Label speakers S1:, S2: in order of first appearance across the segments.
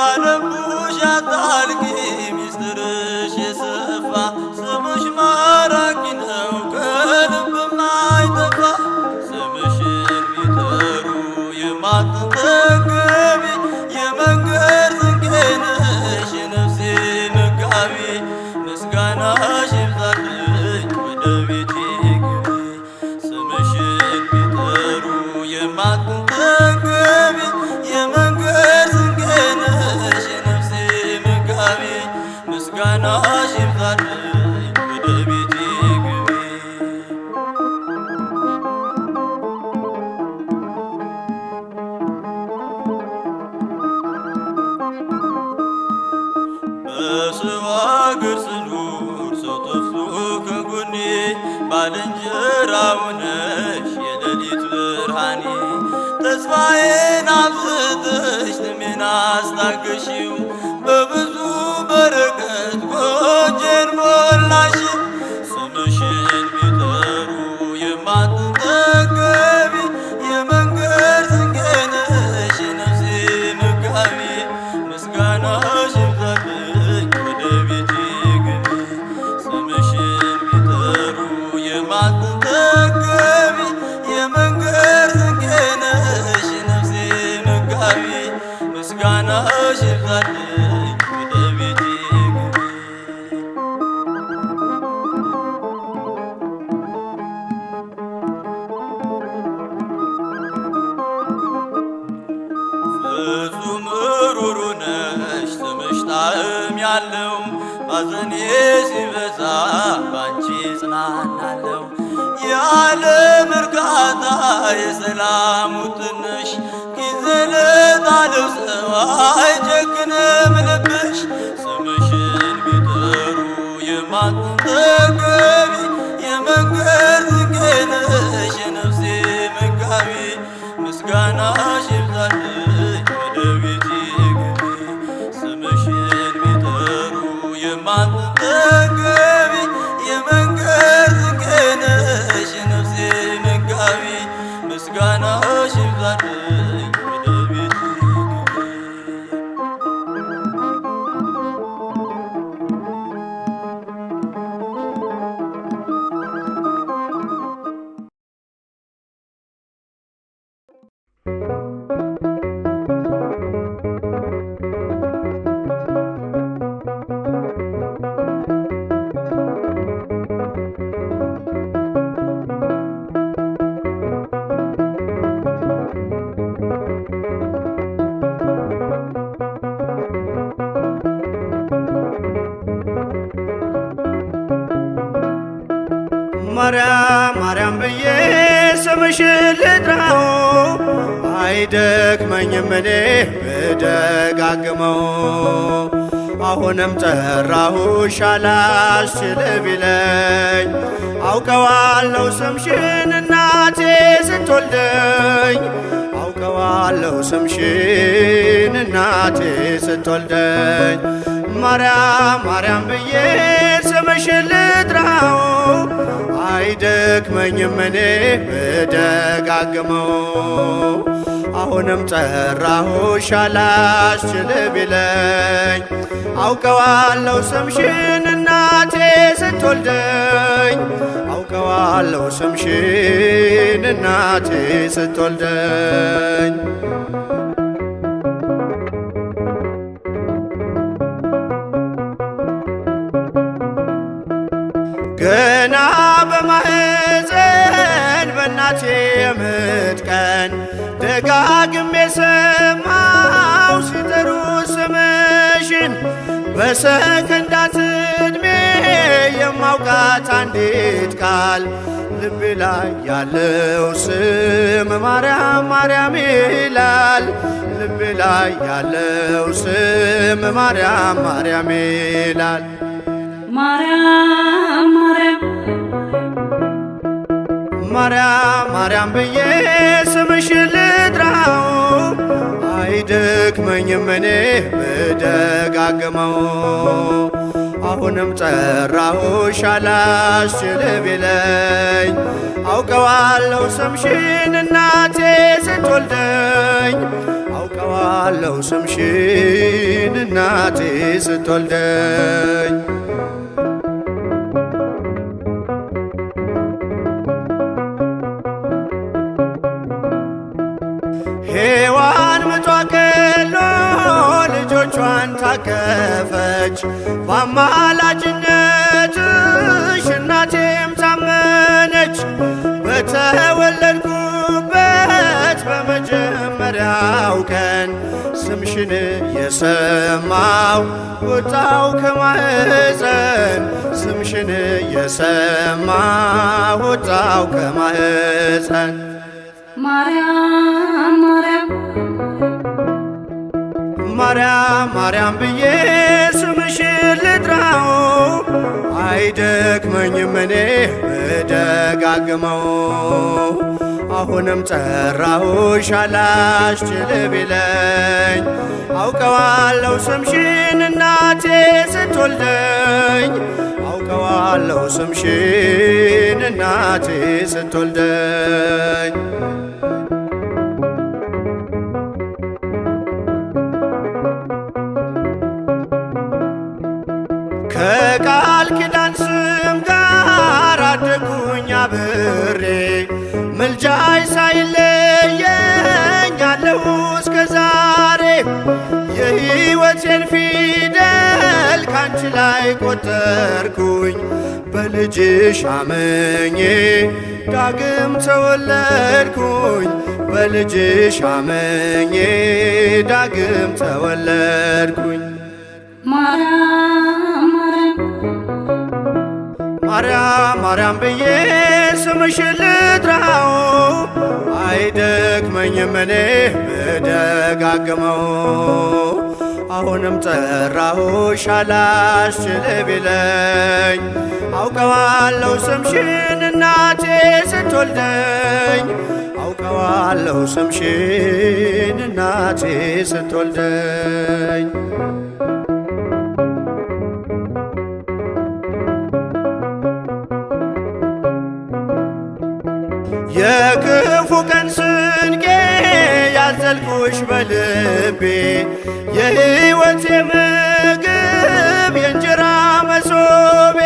S1: ቢያነቡሽ አታልቂም ባልንጀራው ነሽ የሌሊት ብርሃኔ ተስፋዬን አብዝተሽ ልሜን አስታገሺው በብዙ በረከት ጎጆዬን ሞላሽ Jagat የሰላሙ ትንሽ ጊዜ ለጣለው ሰው አይጨክንም ልብሽ ስምሽን ቢጠሩ የማን ማርያም ማርያም ብዬ ስምሽን ልጥራው አይደክመኝም እኔ ብደጋግመው አሁንም ጠራሁሽ አላስችል ቢለኝ አውቀዋለሁ ስምሽን እናቴ ስትወልደኝ አውቀዋለሁ ስምሽን እናቴ ስትወልደኝ ማርያም ማርያም ብዬ ስምሽን ልጥራው አይደክመኝም እኔ ብደጋግመው አሁንም ጠራሁሽ አላስችል ቢለኝ አውቀዋለሁ ስምሽን እናቴ ስትወልደኝ አውቀዋለሁ ስምሽን እናቴ ስትወልደኝ ገና የእሳት የምት ቀን ደጋግሜ ሰማው ሲጠሩ ስምሽን በሰከንዳት እድሜ የማውቃት አንዲት ቃል ልቤ ላይ ያለው ስም ማርያም ማርያም ይላል። ልቤ ላይ ያለው ስም ማርያም ማርያም ይላል።
S2: ማርያም ማርያም
S1: ማርያም ማርያም ብዬ ስምሽን ልጥራው አይደክመኝም እኔ ብደጋግመው አሁንም ጠራሁሽ አላስችል ቢለኝ አውቀዋለሁ ስምሽን እናቴ ስትወልደኝ አውቀዋለሁ ስምሽን እናቴ ስትወልደኝ ልጆቿን ታቀፈች በአማላጅነትሽ እናቴም ታመነች በተወለድኩበት በመጀመሪያው ቀን ስምሽን የሰማው ወጣው ከማህፀን ስምሽን የሰማው ወጣው ከማህፀን
S2: ማርያም ማርያም
S1: ማርያም ማርያም ብዬ ስምሽን ልጥራው አይደክመኝም እኔ ብደጋግመው። አሁንም ጠራሁሽ አላስችል ቢለኝ አውቀዋለሁ ስምሽን እናቴ ስትወልደኝ አውቀዋለሁ ስምሽን እናቴ ስትወልደኝ ከቃል ኪዳን ስም ጋር አደጉኝ አብሬ ምልጃይ ሳይለየኝ አለው እስከ ዛሬ የሕይወቴን ፊደል ካንቺ ላይ ቆጠርኩኝ በልጅሽ አመኜ ዳግም ተወለድኩኝ በልጅሽ አመኜ ዳግም ተወለድኩኝ
S2: ማርያም
S1: ማርያም ማርያም ብዬ ስምሽን ልጥራው አይደክመኝም እኔ ብደጋግመው አሁንም ጠራሁሽ አላስችል ቢለኝ አውቀዋለሁ ስምሽን እናቴ ስትወልደኝ አውቀዋለሁ ስምሽን እናቴ ስትወልደኝ በክፉ ቀን ስንቄ ያዘልኩሽ በልቤ የህይወት የምግብ የእንጀራ መሶቤ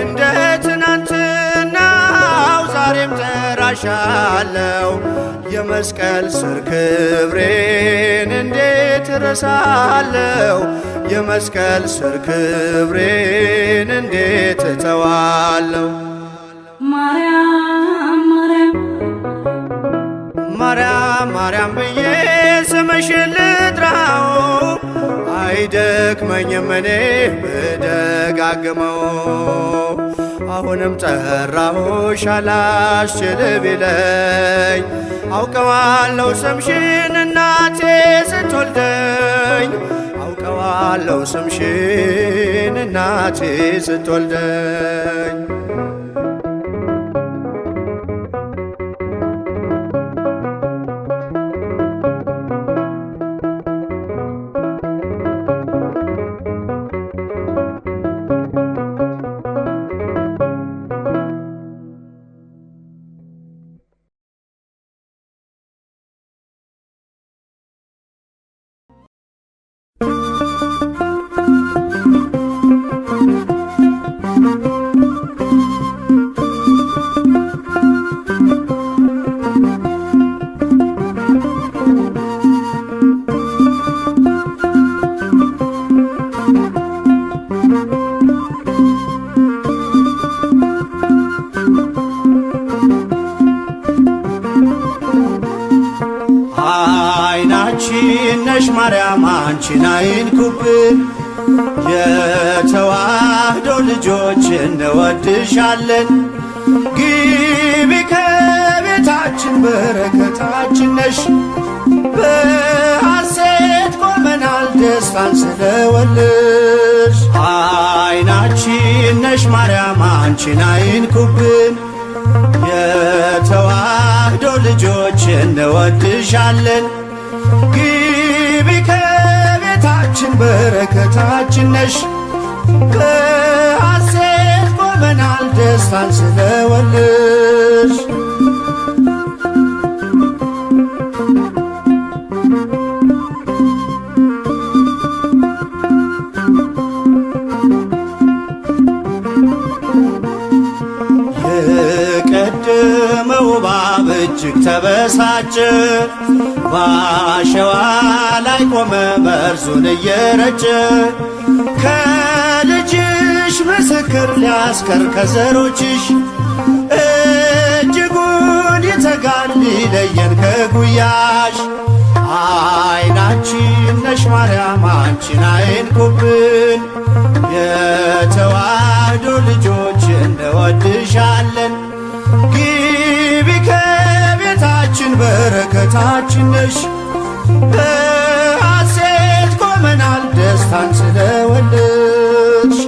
S1: እንደ ትናንትናው ዛሬም ተራሻለው የመስቀል ስር ክብሬን እንዴት እረሳለው? የመስቀል ስር ክብሬን እንዴት እተዋለው?
S2: ማርያም
S1: ማርያም ማርያም ብዬ ስምሽን ልጥራው አይደክመኝም እኔ ብደጋግመው። አሁንም ጠራሁሽ አላስችል ቢለኝ አውቀዋለሁ ስምሽን እናቴ ስትወልደኝ አውቀዋለሁ ስምሽን እናቴ ስትወልደኝ ማርያም አንቺን አይንኩብን የተዋህዶ ልጆች እንወድሻለን። ግቢ ከቤታችን በረከታችን ነሽ። በሐሴት ቆመናል ደስታን ስለወለድሽ አይናችን ነሽ ማርያም አንቺን አይንኩብን የተዋህዶ ልጆች እንወድሻለን። እናታችን በረከታችን ነሽ። ከሐሴት ቆመናል ደስታን ስለወልሽ የቀደመው እባብ እጅግ ተበሳጨ። ባሸዋ ላይ ቆመ መርዙን እየረጨ ከልጅሽ ምስክር ሊያስከር ከዘሮችሽ እጅጉን ይተጋል ሊለየን ከጉያሽ አይናችን ነሽ ማርያም አንቺን አይንኩብን የተዋህዶ ልጆች እንወድሻለን በረከታችን ነሽ። በሐሴት ቆመናል ደስታን ስለወለድሽ።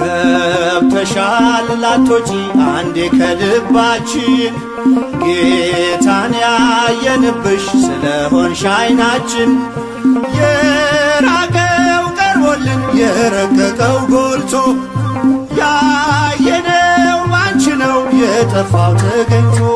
S1: ገብተሻል ላቶጪ አንዴ ከልባችን ጌታን ያየንብሽ ሆንሽ አይናችን የራቀው ቀርቦልን የረቀቀው ጎልቶ ያየነው ባንቺ ነው የጠፋው ተገኝቶ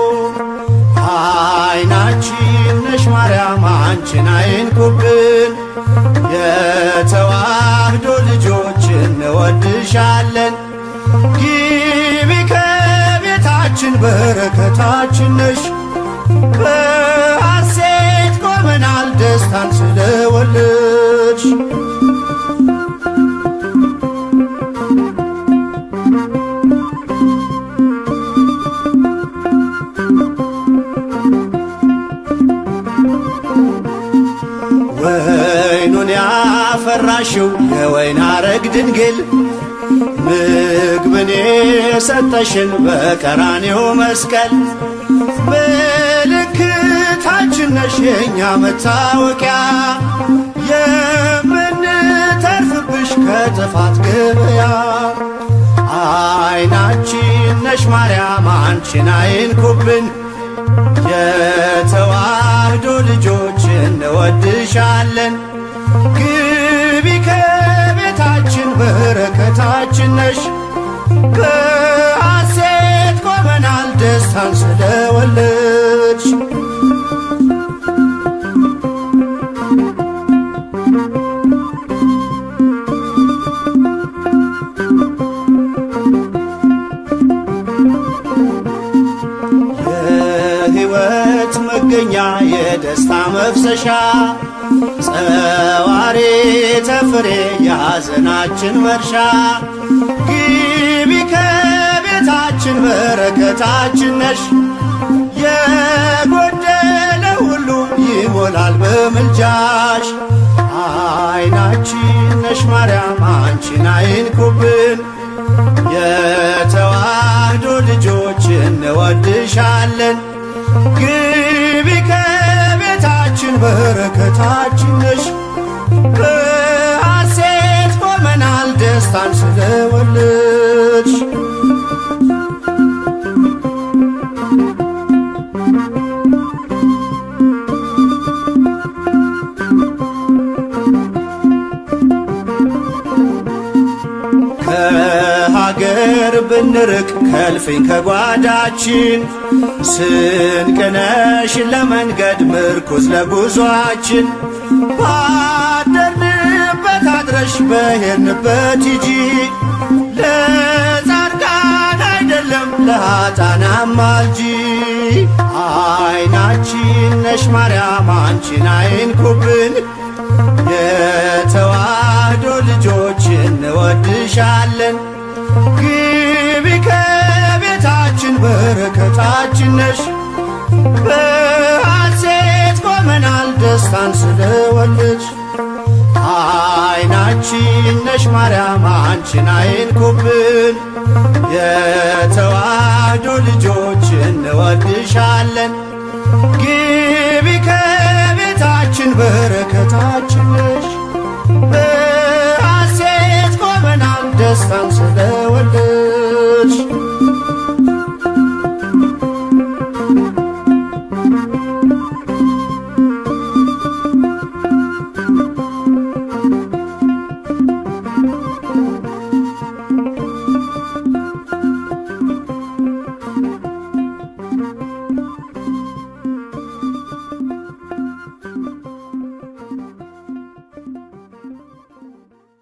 S1: ወይኑን ያፈራሽው የወይን አረግ ድንግል ምግብን የሰጠሽን በቀራኔው መስቀል ምልክታችን ነሽ የእኛ መታወቂያ የምንተርፍብሽ ከጥፋት ገበያ አይናችን ነሽ ማርያም አንቺን አይንኩብን የተዋህዶ ልጆች እንወድሻለን። ግቢ ከቤታችን በረከታችን ነሽ። በሐሴት ቆመናል ደስታን ስለወለድሽ መፍሰሻ ጸዋሪ ተፍሬ የሐዘናችን መርሻ ግቢ ከቤታችን በረከታችን ነሽ የጎደለ ሁሉ ይሞላል በምልጃሽ አይናችን ነሽ ማርያም አንቺን አይንኩብን የተዋህዶ ልጆች እንወድሻለን በረከታችን ነሽ። በሐሴት ቆመናል ደስታን ስለወለድ እንቅልፍኝ ከጓዳችን ስንቅነሽ ለመንገድ ምርኩዝ ለጉዟችን ባደርንበት አድረሽ በሄድንበት ሂጂ ለጻድቃን አይደለም ለኃጥአን አልጂ አይናችን ነሽ ማርያም አንቺን አይንኩብን የተዋህዶ ልጆች እንወድሻለን። ነሽ በሐሴት ቆመናል ደስታን ስለወለድሽ አይናችን ነሽ ማርያም አንቺን አይንኩብን የተዋህዶ ልጆች እንወድሻለን ግቢ ከቤታችን በረከታችን